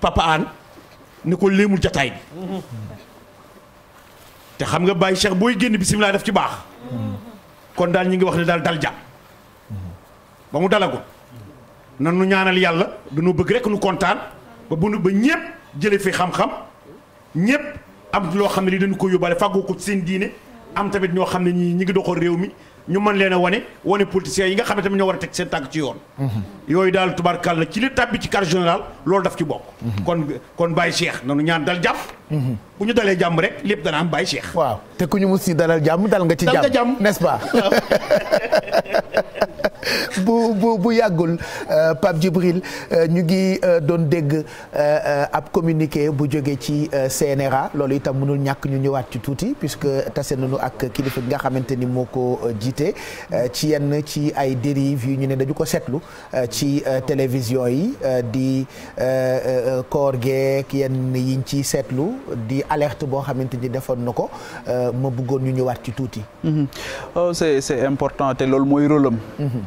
papa ni ko léemul jataay bi te xam nga Baye Cheikh booy génn bisimilah def ci baax kon daal ñu ngi wax ne daal dal jàmm ba mu dalagul nan nu ñaanal yàlla dañoo bëgg rek nu kontaan ba bu nu ba ñépp jële fi xam-xam ñépp am loo xam ne li dañu ko yóbbaale fàggoo ko seen diine am tamit ñoo xam ne ñi ñi ngi doxoon réew mi ñu man leen a wane wane politiciens yi nga xam ne tamit ñoo war a teg seen tànk ci yoon mhm. yooyu daal tubaarkàlla ci li tàbbi ci carte générale loolu daf ci bokk mhm. kon kon Baye Cheikh nanu ñaan dal jàmm bu mhm. ñu dalee jàmm rek lépp dana am Baye seex waaw te ku ñu mus si dalal jàmm dal nga ci jàmm n'est-ce pas bu bu bu yàggul euh, Pape Djibril euh, ñu ngi euh, doon dégg ab communiqué bu jóge ci CNRA loolu itam mënul ñàkk ñu ñëwaat ci tuuti puisque tase nañu ak kilifa gi nga xamante ni moo ko jiite ci yenn ci ay dérives yu ñu ne dañu ko seetlu ci télévision yi di koor geek yenn yiñ ci seetlu di alerte boo xamante ni defoon na ko ma buggoon ñu ñëwaat ci tuuti. Mm-hmm. Oh, c'est c'est important te loolu mooy rôle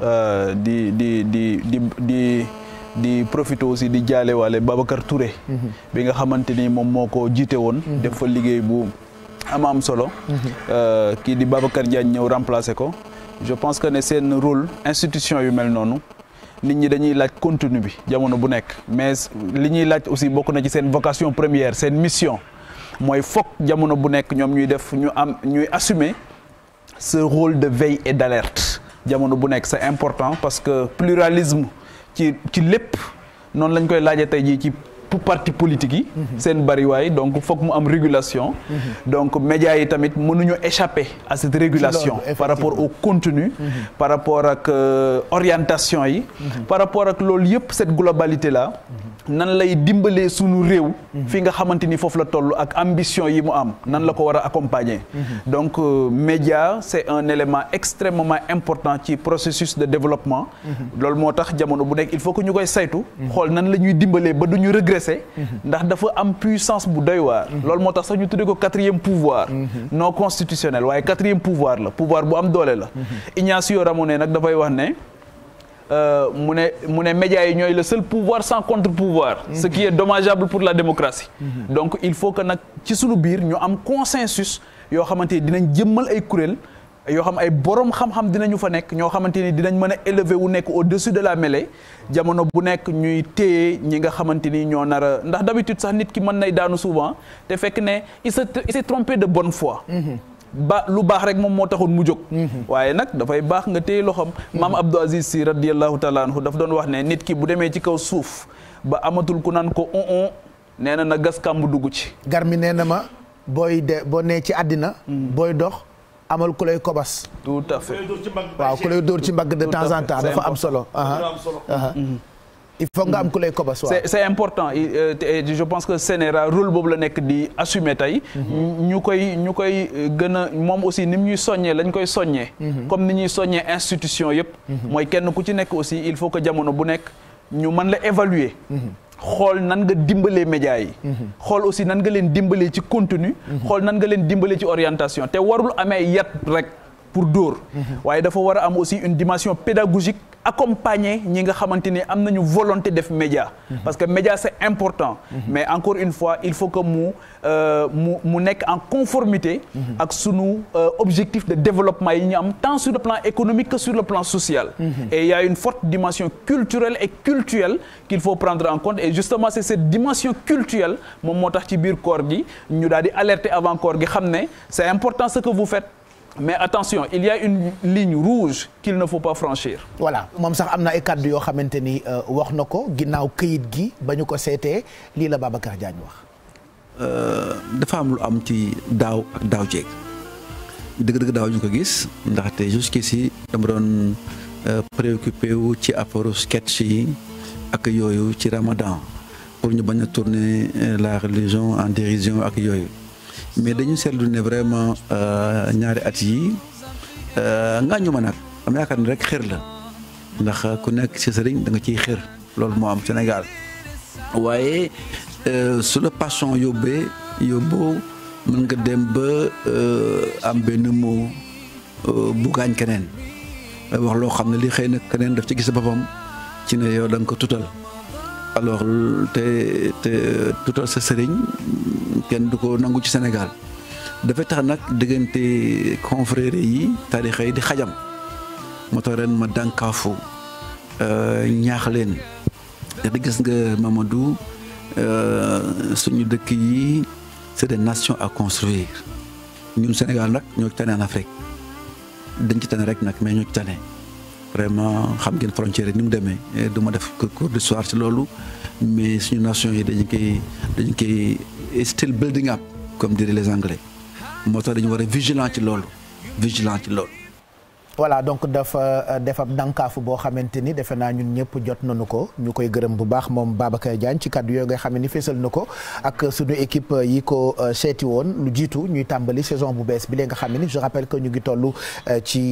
Euh, di di di di di di profité aussi di jaale waale Babacar Touré. Mm-hmm. bi nga xamante ni moom moo ko jiite woon. Mm-hmm. def fa liggéey bu am am solo. Mm-hmm. Euh, kii di Babacar Diagne ñëw remplacer ko. je pense que ne seen rôle institution yu mel noonu. nit ñi dañuy laaj contenu bi jamono bu nekk mais li ñuy laaj aussi bokk na ci seen vocation première seen mission mooy foog jamono bu nekk ñoom ñuy def ñu am ñuy assumer ce rôle de veille et d'alerte. jamono bu nekk c'est important parce que pluralisme ci ci lépp noonu lañ koy laajee tey jii ci surtout parti politique yi. seen bariwaay donc foog mu am régulation. donc médias yi tamit mënuñu échapper a cette régulation. par rapport au contenu. Mhm. par rapport ak euh, orientation yi. Mhm. par rapport ak loolu yëpp cette globalité là. Mhm. nan lay dimbalee sunu réew. fi nga xamante ni foofu la toll ak ambition yi mu am nan la ko war a accompagner. donc euh, média c'est un élément extrêmement important ci processus de développement. loolu moo tax jamono bu nekk il faut que ñu koy saytu. xool kese ndax dafa am puissance bu doy waar loolu moo tax sax ñu tuddee ko quatrième pouvoir non constitutionnel waaye quatrième pouvoir la pouvoir bu am doole la Ignacio Ramonet nag dafay wax ne euh, mu ne mu ne médias yi ñooy le seul pouvoir sans contre-pouvoir ce qui est dommageable pour la démocratie donc il faut que nag ci sunu biir ñu am consensus yoo xamante dinañ jëmmal ay kuréel yoo xam ay borom xam-xam ñu fa nekk ñoo xamante ni dinañ mën a élever wu nekk au-dessus de la mêlée jamono bu nekk ñuy téye ñi nga xamante ni ñoo nar a ndax d'habitude sax nit ki mën nay daanu souvent te fekk ne il s'est trompé de bonne foi. Mhm. ba lu baax rek moom moo taxoon mu jóg. Mhm. waaye nag dafay baax nga téye loxoom. Mhm. maam Abdou Aziz si radiyallahu taala anhu daf doon wax ne nit ki bu demee ci kaw suuf ba amatul ku naan ko on on na na gas kàmb dugg ci. garmi nee na ma booy de boo nee ci àddina. booy dox. amal ku lay kobas. tout à fait waaw ku lay ci mbagg de temps en temps am solo. Mhm. il faut nga am ku lay kobas waaw. c'est important euh, je pense que sénéral rôle boobu la nekk di assumer tey. Mhm. ñu koy ñu koy gën a moom aussi ni mu ñuy soññee lañ koy soñee mhm. comme ni ñuy soññee institution yëpp. mooy kenn ku ci nekk aussi il faut que jamono bu nekk ñu mën la évaluer. xool nan nga dimbalee médias yi. Mhm. xool aussi nan nga leen dimbalee ci contenu. Mhm. xool nan nga leen dimbale ci orientation te warul amee yat rek pour dóor. Mhm. waaye dafa war a am aussi une dimension pédagogique. accompagner ñi nga xamante ni am nañu volonté def média mhm. parce que média c'est important mhm. mais encore une fois il faut que mu euh, mu mu nekk en conformité mhm. ak sunu euh, objectif de développement yi ñu am tant sur le plan économique que sur le plan social et il y a une forte dimension culturelle et cultuelle qu'il faut prendre en compte et justement c'est cette moo tax ci biir koor gi ñu daal di alerter avant gi xam ne c'est important ce que vous faites mais attention il y a une ligne rouge qu'il ne faut pas franchir. voilà moom sax am na ay kàddu yoo xamante ni euh, wax na ko ginnaaw kayit gi ba ñu ko seetee lii la Babacar Diagne wax. Euh, dafa am lu am ci daaw ak daaw jeeg dëgg-dëgg daaw ñu ko gis ndaxte jusqu'ici dama doon euh, préoccupé wu ci apparu sketch yi ak yooyu ci Ramadan pour ñu bañ a tourner la religion en dérision ak yooyu. mais dañu seetlu ne vraiment euh, ñaari at yi euh, ngaañu ma nag am yaakaar ne rek xër la ndax euh, ku nekk si sëriñ danga ciy xër loolu moo am Sénégal waaye su la passion yóbbee yóbboo mën nga dem ba am benn mot bu gaañ keneen wax loo xam ne li xëy na keneen daf ci gis boppam ci ne yow da ko tutal alors te te tutal sa sëriñ kenn du ko nangu ci Sénégal dafa tax nag diggante confrères yi tarixa yi di xajam moo tax ren ma dànkaafu euh, ñaax leen te gis nga Mamadou euh, suñu dëkk yi c'est des nations à construire ñun Sénégal nag ñoo ci tane en Afrique dañ ci tane rek nag mais ñoo ci tane vraiment xam ngeen frontière yi ni mu demee eh, du ma def cours d'histoire ci loolu mais suñu nation yi dañu koy dañu koy is still building up comme diraient les anglais moo tax dañu war a vigilant ci loolu vigilant ci loolu. voilà donc dafa euh, boo xamante ni defe naa ñun ñëpp jot nañu ko ñu koy gërëm bu baax moom Babacar Diagne ci kàddu yooyu nga xam ni fésal na ko ak suñu équipe yi ko euh, seeti woon lu jiitu ñuy tàmbali saison bu bees bi lee nga xam ni je rappelle que ñu ngi euh, ci.